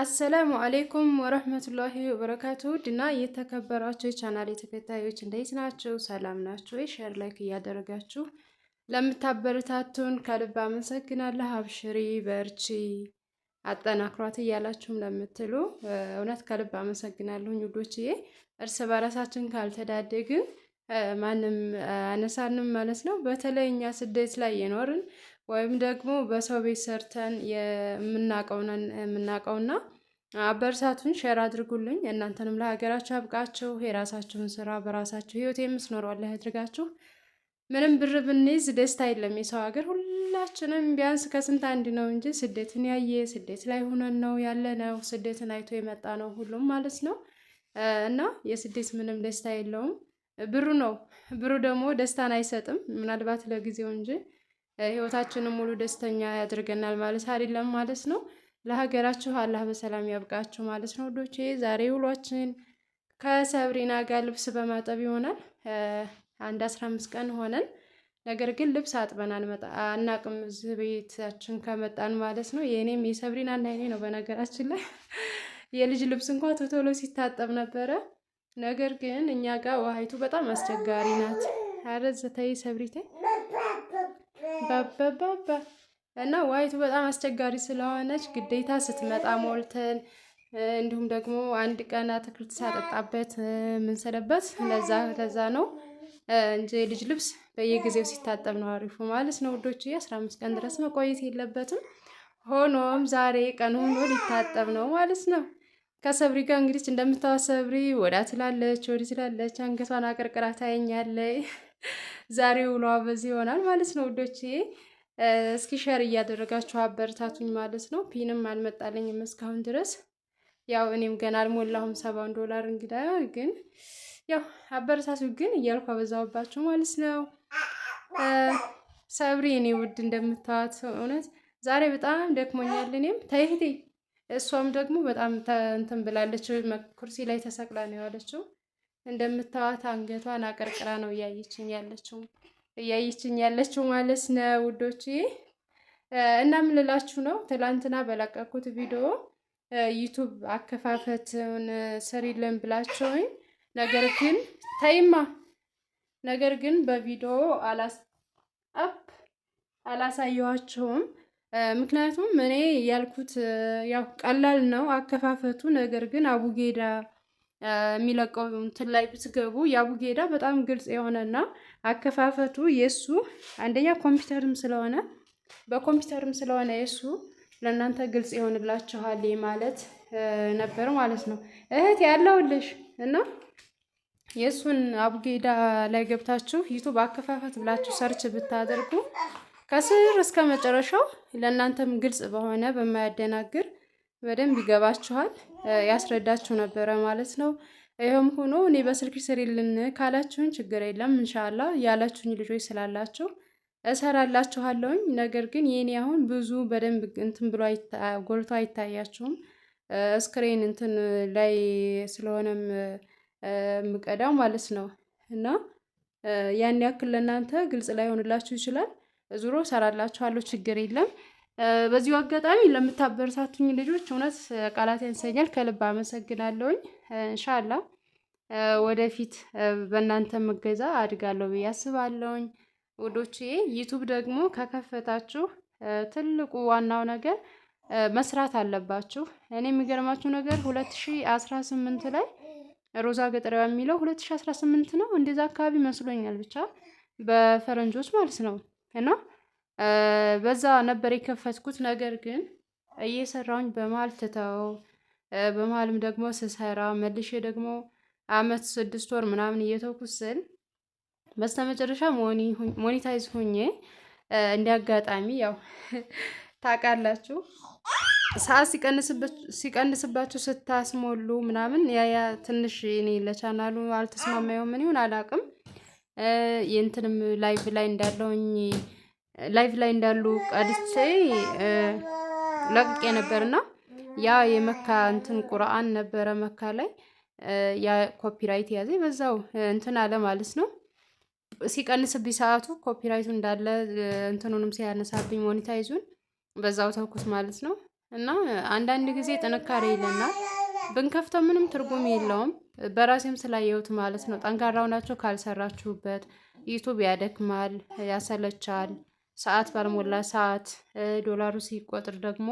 አሰላሙ አሌይኩም ወረህመቱላሂ ወበረካቱ ድና የተከበራችሁ የቻናል የተከታዮች እንዴት ናችሁ? ሰላም ናችሁ? ሸር ላይክ እያደረጋችሁ ለምታበረታቱን ከልብ አመሰግናለሁ። አብሽሪ በርቺ፣ አጠናክሯት እያላችሁም ለምትሉ እውነት ከልብ አመሰግናለሁ ውዶችዬ። እርስ በራሳችን ካልተዳደግን ማንም አነሳንም ማለት ነው። በተለይ እኛ ስደት ላይ የኖርን ወይም ደግሞ በሰው ቤት ሰርተን የምናቀውነን የምናቀውና አበርሳቱን ሼር አድርጉልኝ። እናንተንም ለሀገራችሁ አብቃችሁ የራሳችሁን ስራ በራሳችሁ ህይወት የምትኖሩ አላህ ያድርጋችሁ። ምንም ብር ብንይዝ ደስታ የለም። የሰው ሀገር ሁላችንም ቢያንስ ከስንት አንድ ነው እንጂ ስደትን ያየ ስደት ላይ ሆነን ነው ያለ ነው ስደትን አይቶ የመጣ ነው ሁሉም ማለት ነው። እና የስደት ምንም ደስታ የለውም። ብሩ ነው። ብሩ ደግሞ ደስታን አይሰጥም፣ ምናልባት ለጊዜው እንጂ ህይወታችንን ሙሉ ደስተኛ ያድርገናል ማለት አይደለም ማለት ነው። ለሀገራችሁ አላህ በሰላም ያብቃችሁ ማለት ነው ዶቼ ዛሬ ውሏችን ከሰብሪና ጋር ልብስ በማጠብ ይሆናል። አንድ አስራ አምስት ቀን ሆነን ነገር ግን ልብስ አጥበን አናቅም እዚህ ቤታችን ከመጣን ማለት ነው። የእኔም የሰብሪና እና የኔ ነው በነገራችን ላይ የልጅ ልብስ እንኳ ቶቶሎ ሲታጠብ ነበረ። ነገር ግን እኛ ጋር ውሃይቱ በጣም አስቸጋሪ ናት። አረ ዘተይ ሰብሪቴ በበበበ እና ውሃይቱ በጣም አስቸጋሪ ስለሆነች ግዴታ ስትመጣ ሞልተን እንዲሁም ደግሞ አንድ ቀን አትክልት ሳጠጣበት የምንሰነበት ለዛ ለዛ ነው እንጂ ልጅ ልብስ በየጊዜው ሲታጠብ ነው አሪፉ ማለት ነው ውዶች። አስራ አምስት ቀን ድረስ መቆየት የለበትም። ሆኖም ዛሬ ቀን ሙሉ ሊታጠብ ነው ማለት ነው። ከሰብሪ ጋር እንግዲህ እንደምታዋት ሰብሪ ወዳ ትላለች ወዲ ትላለች፣ አንገቷን አቀርቅራ ታየኛለይ። ዛሬ ውሏ በዚህ ይሆናል ማለት ነው ውዶች። እስኪ ሸር እያደረጋችሁ አበረታቱኝ ማለት ነው። ፒንም አልመጣለኝም እስካሁን ድረስ ያው እኔም ገና አልሞላሁም ሰባን ዶላር እንግዳ ግን ያው አበረታቱ ግን እያልኩ አበዛሁባችሁ ማለት ነው። ሰብሪ እኔ ውድ እንደምታዋት እውነት ዛሬ በጣም ደክሞኛል። እኔም ተይህቴ እሷም ደግሞ በጣም እንትን ብላለች። ኩርሲ ላይ ተሰቅላ ነው ያለችው። እንደምታዋት አንገቷን አቀርቅራ ነው እያየችኝ ያለችው እያየችኝ ያለችው ማለት ነው ውዶች። እና ምን ልላችሁ ነው ትላንትና በለቀኩት ቪዲዮ ዩቱብ አከፋፈትን ስሪልን ብላቸውኝ፣ ነገር ግን ተይማ ነገር ግን በቪዲዮ አላስ አፕ አላሳየኋችሁም። ምክንያቱም እኔ ያልኩት ያው ቀላል ነው አከፋፈቱ። ነገር ግን አቡጌዳ የሚለቀው እንትን ላይ ብትገቡ የአቡጌዳ በጣም ግልጽ የሆነና አከፋፈቱ የእሱ አንደኛ ኮምፒውተርም ስለሆነ በኮምፒውተርም ስለሆነ የእሱ ለእናንተ ግልጽ ይሆንላችኋል ማለት ነበር ማለት ነው። እህት ያለውልሽ እና የእሱን አቡጌዳ ላይ ገብታችሁ ዩቱብ አከፋፈት ብላችሁ ሰርች ብታደርጉ ከስር እስከ መጨረሻው ለእናንተም ግልጽ በሆነ በማያደናግር በደንብ ይገባችኋል ያስረዳችሁ ነበረ ማለት ነው። ይህም ሆኖ እኔ በስልክ ስሪልን ካላችሁኝ ችግር የለም እንሻላ ያላችሁኝ ልጆች ስላላችሁ እሰራላችኋለሁኝ። ነገር ግን የኔ አሁን ብዙ በደንብ እንትን ብሎ ጎልቶ አይታያችሁም። እስክሬን እንትን ላይ ስለሆነም የምቀዳው ማለት ነው እና ያን ያክል ለእናንተ ግልጽ ላይሆንላችሁ ይችላል። ዙሮ ሰራላችኋለሁ። ችግር የለም። በዚሁ አጋጣሚ ለምታበረታቱኝ ልጆች እውነት ቃላት ያንሰኛል። ከልብ አመሰግናለሁኝ። እንሻላ ወደፊት በእናንተ ምገዛ አድጋለሁ ብዬ አስባለሁኝ። ውዶችዬ ዩቱብ ደግሞ ከከፈታችሁ ትልቁ ዋናው ነገር መስራት አለባችሁ። እኔ የሚገርማችሁ ነገር 2018 ላይ ሮዛ ገጠሪያ የሚለው 2018 ነው እንደዛ አካባቢ መስሎኛል፣ ብቻ በፈረንጆች ማለት ነው። እና በዛ ነበር የከፈትኩት። ነገር ግን እየሰራውኝ በመሀል ትተው በመሀልም ደግሞ ስሰራ መልሼ ደግሞ አመት ስድስት ወር ምናምን እየተውኩት ስል በስተመጨረሻ ሞኒታይዝ ሆኜ እንዲያጋጣሚ ያው ታውቃላችሁ ሰዓት ሲቀንስባችሁ ስታስሞሉ ምናምን ያ ያ ትንሽ እኔ ለቻናሉ አልተስማማየው ምን ይሁን አላውቅም። የእንትንም ላይቭ ላይ እንዳለውኝ ላይቭ ላይ እንዳሉ ቀድቼ ለቅቄ ነበርና ያ የመካ እንትን ቁርአን ነበረ መካ ላይ ያ ኮፒራይት ያዘ። በዛው እንትን አለ ማለት ነው። ሲቀንስብኝ ሰዓቱ ኮፒራይቱ እንዳለ እንትኑንም ሲያነሳብኝ ሞኒታይዙን በዛው ተኩት ማለት ነው። እና አንዳንድ ጊዜ ጥንካሬ ይለናል። ብንከፍተው ምንም ትርጉም የለውም። በራሴም ስላየሁት ማለት ነው። ጠንካራ ሆናችሁ ካልሰራችሁበት ዩቱብ ያደክማል፣ ያሰለቻል። ሰዓት ባልሞላ ሰዓት ዶላሩ ሲቆጥር ደግሞ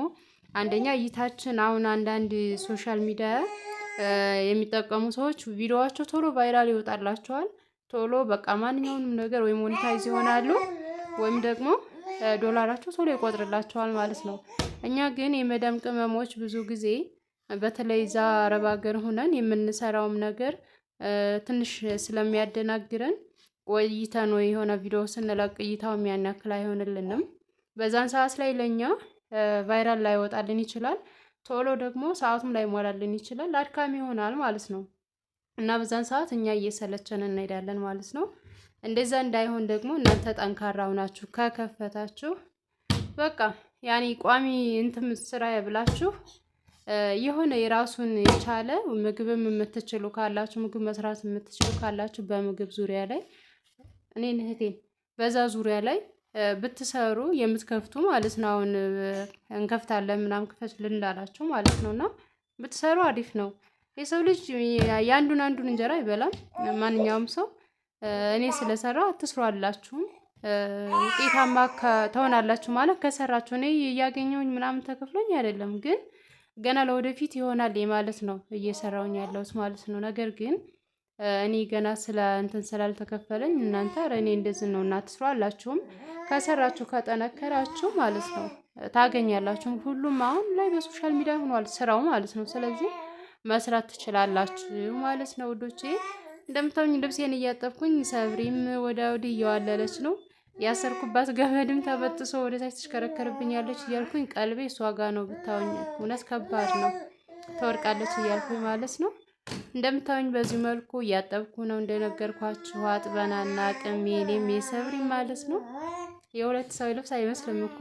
አንደኛ እይታችን አሁን አንዳንድ ሶሻል ሚዲያ የሚጠቀሙ ሰዎች ቪዲዮዋቸው ቶሎ ቫይራል ይወጣላቸዋል። ቶሎ በቃ ማንኛውንም ነገር ወይ ሞኔታይዝ ይሆናሉ ወይም ደግሞ ዶላራቸው ቶሎ ይቆጥርላቸዋል ማለት ነው። እኛ ግን የመዳም ቅመሞች ብዙ ጊዜ በተለይ እዛ አረብ ሀገር ሆነን የምንሰራውም ነገር ትንሽ ስለሚያደናግረን ቆይተ ወይ የሆነ ቪዲዮ ስንለቅ እይታው የሚያናክል ያክል አይሆንልንም። በዛን ሰዓት ላይ ለእኛ ቫይራል ላይወጣልን ይችላል። ቶሎ ደግሞ ሰዓቱም ላይሞላልን ይችላል። አድካሚ ይሆናል ማለት ነው እና በዛን ሰዓት እኛ እየሰለቸን እንሄዳለን ማለት ነው። እንደዛ እንዳይሆን ደግሞ እናንተ ጠንካራ ሁናችሁ ከከፈታችሁ በቃ ያኔ ቋሚ እንትም ስራ ብላችሁ የሆነ የራሱን የቻለ ምግብም የምትችሉ ካላችሁ ምግብ መስራት የምትችሉ ካላችሁ በምግብ ዙሪያ ላይ እኔ እህቴን በዛ ዙሪያ ላይ ብትሰሩ የምትከፍቱ ማለት ነው። አሁን እንከፍታለን ምናምን ክፈት ልንላላቸው ማለት ነው እና ብትሰሩ አሪፍ ነው። የሰው ልጅ የአንዱን አንዱን እንጀራ አይበላም። ማንኛውም ሰው እኔ ስለሰራ አትስሩ አላችሁም ውጤታማ ትሆናላችሁ ማለት ከሰራችሁ እኔ እያገኘውኝ ምናምን ተከፍሎኝ አይደለም ግን ገና ለወደፊት ይሆናል ማለት ነው እየሰራውኝ ያለሁት ማለት ነው። ነገር ግን እኔ ገና ስለ እንትን ስላልተከፈለኝ እናንተ ኧረ እኔ እንደዚህ ነው እናት አላችሁም። ከሰራችሁ ከጠነከራችሁ ማለት ነው ታገኛላችሁም። ሁሉም አሁን ላይ በሶሻል ሚዲያ ሆኗል ስራው ማለት ነው። ስለዚህ መስራት ትችላላችሁ ማለት ነው ውዶቼ። እንደምታውኝ ልብሴን እያጠብኩኝ ሰብሪም ወደ ወዲህ እየዋለለች ነው። ያሰርኩባት ገመድም ተበጥሶ ወደታች ትሽከረከርብኛለች እያልኩኝ ቀልቤ እሷ ጋ ነው። ብታወኝ እውነት ከባድ ነው። ተወርቃለች እያልኩኝ ማለት ነው። እንደምታወኝ በዚህ መልኩ እያጠብኩ ነው እንደነገርኳችሁ። አጥበና እና ቅሜ የሰብሪ ማለት ነው። የሁለት ሰው ልብስ አይመስልም እኮ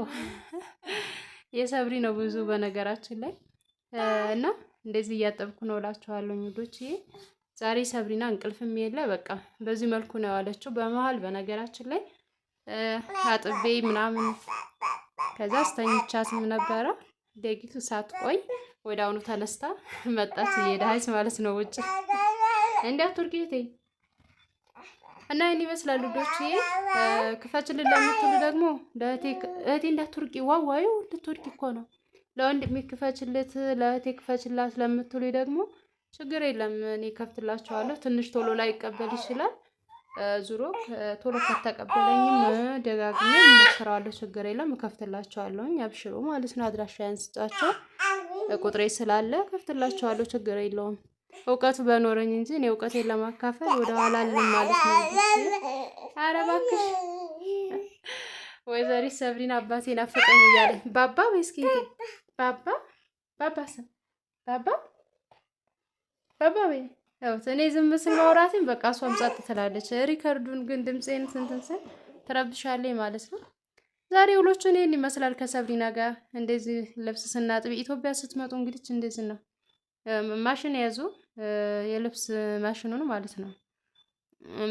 የሰብሪ ነው ብዙ በነገራችን ላይ እና እንደዚህ እያጠብኩ ነው እላችኋለሁ ሚዶች ይሄ ዛሬ ሰብሪና እንቅልፍም የለ በቃ በዚህ መልኩ ነው ያለችው። በመሀል በነገራችን ላይ አጥቤ ምናምን ከዛ አስተኝቻትም ነበረ። ደቂቱ ሳትቆይ ወደ አሁኑ ተነስታ መጣች፣ እየሄዳች ማለት ነው ውጭ እንዲያ ቱርጌቴ እና ይህን ይመስላል ልጆችዬ። ክፈችልን ለምትሉ ደግሞ እህቴ እንዲያ ቱርቂ ዋዋዩ ልትወርቂ እኮ ነው። ለወንድሜ ክፈችልት ለእህቴ ክፈችላት ለምትሉ ደግሞ ችግር የለም እኔ ከፍትላችኋለሁ። ትንሽ ቶሎ ላይ ይቀበል ይችላል። ዙሮ ቶሎ ከተቀበለኝም ደጋግሜ እሞክረዋለሁ። ችግር የለም እከፍትላቸዋለሁኝ። አብሽሮ ማለት ነው። አድራሻ ያንስጣቸው ቁጥሬ ስላለ እከፍትላቸዋለሁ። ችግር የለውም። እውቀቱ በኖረኝ እንጂ እኔ እውቀቴን ለማካፈል ወደ ኋላ ማለት ነው። ኧረ እባክሽ ወይዘሪት ሰብሪን አባቴ ናፈቀኝ እያለ ባባ ወይስኪ ባባ ባባ ባባ ባባ ወይ ያውት እኔ ዝም ስል ማውራቴን በቃ እሷም ጸጥ ትላለች። ሪከርዱን ግን ድምፄን ስንትን ስል ማለት ነው። ዛሬ ውሎቹ እኔን ይመስላል። ከሰብሪና ጋር እንደዚህ ልብስ ስናጥብ ኢትዮጵያ ስትመጡ እንግዲህ እንደዚህ ነው። ማሽን የያዙ የልብስ ማሽኑን ማለት ነው።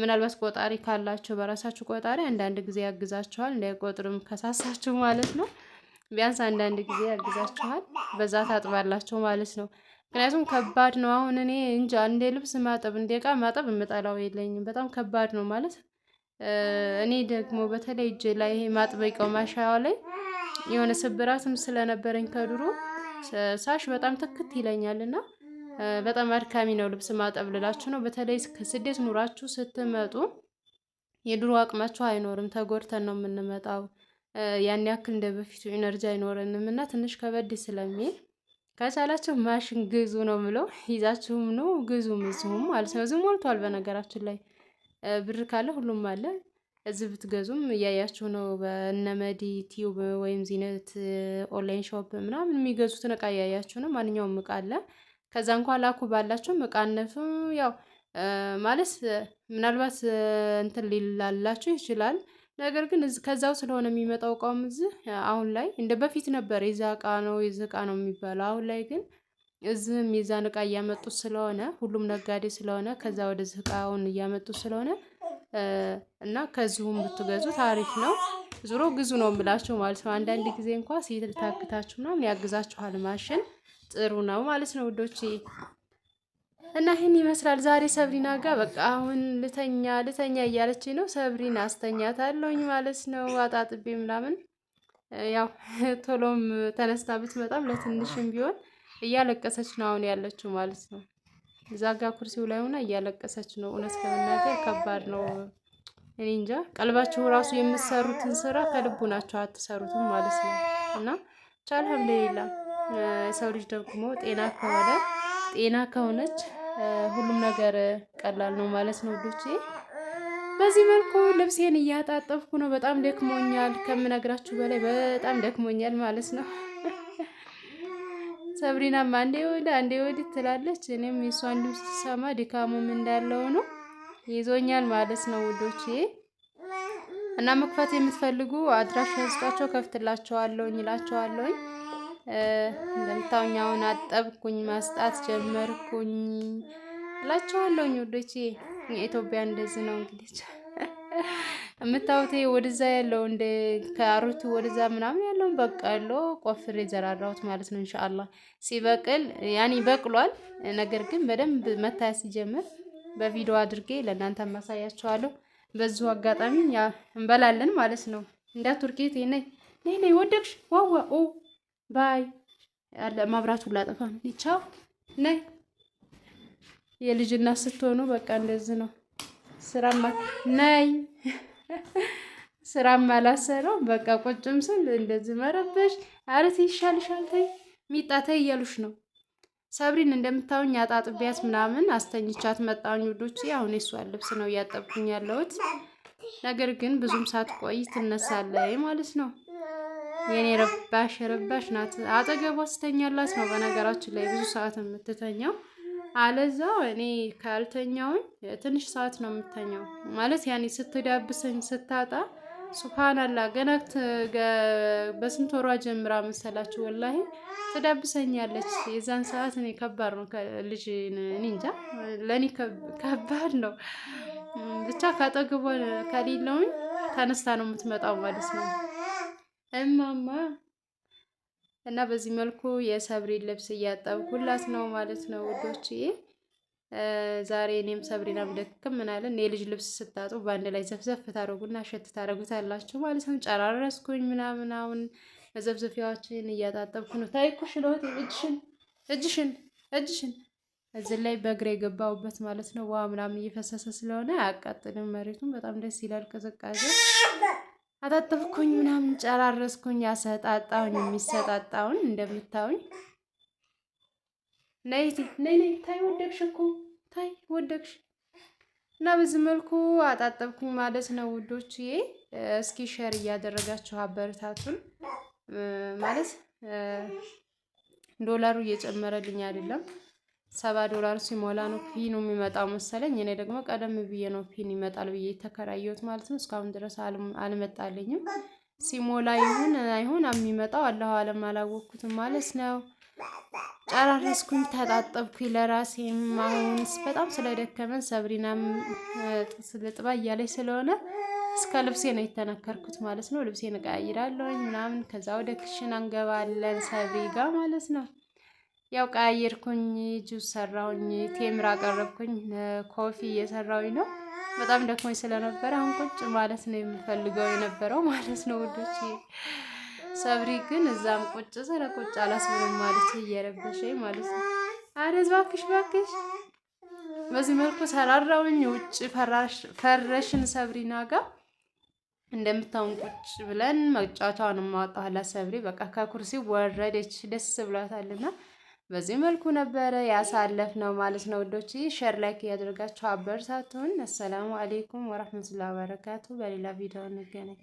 ምናልባት ቆጣሪ ካላችሁ በራሳችሁ ቆጣሪ አንዳንድ ጊዜ ያግዛችኋል። እንዳይቆጥርም ከሳሳችሁ ማለት ነው። ቢያንስ አንዳንድ ጊዜ ያግዛችኋል። በዛ ታጥባላችሁ ማለት ነው። ምክንያቱም ከባድ ነው። አሁን እኔ እንጃ እንደ ልብስ ማጠብ እንደ እቃ ማጠብ የምጠላው የለኝም። በጣም ከባድ ነው ማለት እኔ ደግሞ በተለይ እጅ ላይ ማጥበቂያው ማሻያ ላይ የሆነ ስብራትም ስለነበረኝ ከድሮ ሳሽ በጣም ትክት ይለኛል እና በጣም አድካሚ ነው ልብስ ማጠብ ልላችሁ ነው። በተለይ ከስደት ኑራችሁ ስትመጡ የድሮ አቅማችሁ አይኖርም፣ ተጎድተን ነው የምንመጣው። ያን ያክል እንደ በፊቱ ኢነርጂ አይኖረንም እና ትንሽ ከበድ ስለሚል ከቻላችሁ ማሽን ግዙ ነው ምለው። ይዛችሁም ነው ግዙ ምዝሁም ማለት ነው። እዚሁ ሞልቷል። በነገራችን ላይ ብር ካለ ሁሉም አለ። እዚህ ብትገዙም እያያችሁ ነው። በነመዲ ቲዩብ ወይም ዚነት ኦንላይን ሾፕ ምናምን የሚገዙትን እቃ እያያችሁ ነው። ማንኛውም እቃ አለ። ከዛ እንኳ ላኩ ባላችሁም እቃነቱ ያው ማለት ምናልባት እንትን ሊላላችሁ ይችላል። ነገር ግን ከዛው ስለሆነ የሚመጣው እቃውም እዚህ አሁን ላይ እንደ በፊት ነበር የዛ እቃ ነው የዚህ እቃ ነው የሚባለው። አሁን ላይ ግን እዚህም የዛን እቃ እያመጡት ስለሆነ ሁሉም ነጋዴ ስለሆነ ከዛ ወደዚህ እቃውን እያመጡት ስለሆነ እና ከዚሁም ብትገዙ ታሪፍ ነው። ዙሮ ግዙ ነው የምላቸው ማለት ነው። አንዳንድ ጊዜ እንኳ ሲታክታችሁ ምናምን ያግዛችኋል ማሽን ጥሩ ነው ማለት ነው ውዶቼ። እና ይህን ይመስላል ዛሬ ሰብሪና ጋር በቃ አሁን ልተኛ ልተኛ እያለች ነው። ሰብሪን አስተኛታለሁኝ ማለት ነው አጣጥቤ ምናምን ያው ቶሎም ተነስታ ብትመጣም ለትንሽም ቢሆን እያለቀሰች ነው አሁን ያለችው ማለት ነው። እዛ ጋ ኩርሲው ላይ ሆና እያለቀሰች ነው። እውነት ለመናገር ከባድ ነው። እኔ እንጃ ቀልባችሁ ራሱ የምትሰሩትን ስራ ከልቡ ናቸው አትሰሩትም ማለት ነው። እና ቻ አልሐምዱሊላህ የሰው ልጅ ደግሞ ጤና ከሆነ ጤና ከሆነች ሁሉም ነገር ቀላል ነው ማለት ነው ውዶቼ። በዚህ መልኩ ልብሴን እያጣጠፍኩ ነው። በጣም ደክሞኛል፣ ከምነግራችሁ በላይ በጣም ደክሞኛል ማለት ነው። ሰብሪናም አንዴ ወደ አንዴ ወዲህ ትላለች። እኔም የእሷን ድምፅ ስሰማ ድካሙም እንዳለው ነው ይዞኛል ማለት ነው ውዶቼ። እና መክፈት የምትፈልጉ አድራሻ ስጧቸው፣ ከፍትላቸዋለሁኝ ይላቸዋለሁኝ እንደምታውኛውን አጠብኩኝ ማስጣት ጀመርኩኝ እላቸዋለሁኝ። ወዶቼ የኢትዮጵያ እንደዚህ ነው እንግዲህ የምታውት ወደዛ ያለው እንደ ካሮቱ ወደዛ ምናምን ያለውን በቃ ያለው ቆፍሬ ዘራራሁት ማለት ነው። እንሻአላ ሲበቅል ያኔ ይበቅሏል። ነገር ግን በደንብ መታያ ሲጀምር በቪዲዮ አድርጌ ለእናንተ ማሳያቸዋለሁ። በዚሁ አጋጣሚ እንበላለን ማለት ነው። እንዳ ቱርኬት ነ ነ ወደቅሽ ዋዋ ባይ ያለ መብራቱን ላጠፋ ነው። ይቻው ነይ የልጅና ስትሆኑ በቃ እንደዚህ ነው። ስራማ ነይ ስራማ አላሰረው በቃ ቁጭም ስል እንደዚህ መረበሽ አረት ይሻልሻል ተይ ሚጣ ተይ እያሉሽ ነው። ሰብሪን እንደምታውኝ አጣጥቢያት ምናምን አስተኝቻት መጣሁኝ ውዶች። አሁን የእሷን ልብስ ነው እያጠብኩኝ ያለሁት። ነገር ግን ብዙም ሳትቆይ ትነሳለች ማለት ነው። የኔ ረባሽ ረባሽ ናት። አጠገቧ ስተኛላት ነው በነገራችን ላይ ብዙ ሰዓት የምትተኛው። አለዛ እኔ ካልተኛውኝ ትንሽ ሰዓት ነው የምተኛው ማለት ያኔ ስትዳብሰኝ ስታጣ ሱብሃናላ ገና በስንት ወሯ ጀምራ መሰላችሁ ወላሂ ትዳብሰኛለች። የዛን ሰዓት እኔ ከባድ ነው ልጅ እንጃ ለእኔ ከባድ ነው። ብቻ ካጠግቦ ከሌለውኝ ተነስታ ነው የምትመጣው ማለት ነው። እማማ እና በዚህ መልኩ የሰብሪን ልብስ እያጠብኩላት ነው ማለት ነው ውዶችዬ። ዛሬ እኔም ሰብሪና ምደክም ምናለን የልጅ ልብስ ስታጡ በአንድ ላይ ዘፍዘፍ ታደረጉና ሸት ታደረጉታላችሁ ማለት ነው። ጨራረስኩኝ ምናምን አሁን መዘፍዘፊያዎችን እያጣጠብኩ ነው። ታይኩሽ ለሆት እጅሽን እጅሽን እጅሽን እዚህ ላይ በእግር የገባሁበት ማለት ነው። ዋ ምናምን እየፈሰሰ ስለሆነ አያቃጥልም። መሬቱም በጣም ደስ ይላል ቅዝቃዜ አጣጠብኩኝ ምናምን ጨራረስኩኝ። ያሰጣጣውኝ የሚሰጣጣውን እንደምታዩኝ ነይቲ ነይ ነይ ታይ ወደቅሽ እኮ ታይ ወደቅሽ። እና በዚህ መልኩ አጣጠብኩኝ ማለት ነው ውዶችዬ። እስኪ ሸር እያደረጋችሁ አበረታቱን ማለት ዶላሩ እየጨመረልኝ አይደለም ሰባ ዶላር ሲሞላ ነው ነው የሚመጣው መሰለኝ። እኔ ደግሞ ቀደም ብዬ ነው ፊን ይመጣል ብዬ የተከራየሁት ማለት ነው። እስካሁን ድረስ አልመጣልኝም። ሲሞላ ይሁን አይሁን የሚመጣው አለሁ አለም አላወቅኩትም ማለት ነው። ጨራረስኩኝ፣ ተጣጠብኩኝ ለራሴም። አሁን በጣም ስለደከመን ሰብሪናም ልጥባ እያለች ስለሆነ እስከ ልብሴ ነው የተነከርኩት ማለት ነው። ልብሴን እቀያይራለሁኝ ምናምን፣ ከዛ ወደ ክሽን አንገባለን ሰብሪ ጋር ማለት ነው። ያው ቀያየርኩኝ፣ ጁስ ሰራሁኝ፣ ቴምር አቀረብኩኝ፣ ኮፊ እየሰራሁኝ ነው። በጣም ደክሞኝ ስለነበረ አሁን ቁጭ ማለት ነው የምፈልገው የነበረው ማለት ነው ውዶች። ሰብሪ ግን እዛም ቁጭ ስለ ቁጭ አላስብልም ማለት እየረበሸኝ ማለት ነው። አረ እባክሽ እባክሽ። በዚህ መልኩ ሰራራውኝ ውጭ ፈረሽን ሰብሪና ጋር እንደምታውን ቁጭ ብለን መጫወቻውን ማውጣኋላ። ሰብሪ በቃ ከኩርሲ ወረደች፣ ደስ ብሏታልና በዚህ መልኩ ነበረ ያሳለፍ ነው ማለት ነው ውዶች። ሸር ላይክ እያደረጋችሁ አበርታቱን። አሰላሙ አሌይኩም ወረህመቱላሂ ወበረካቱ። በሌላ ቪዲዮ እንገናኝ።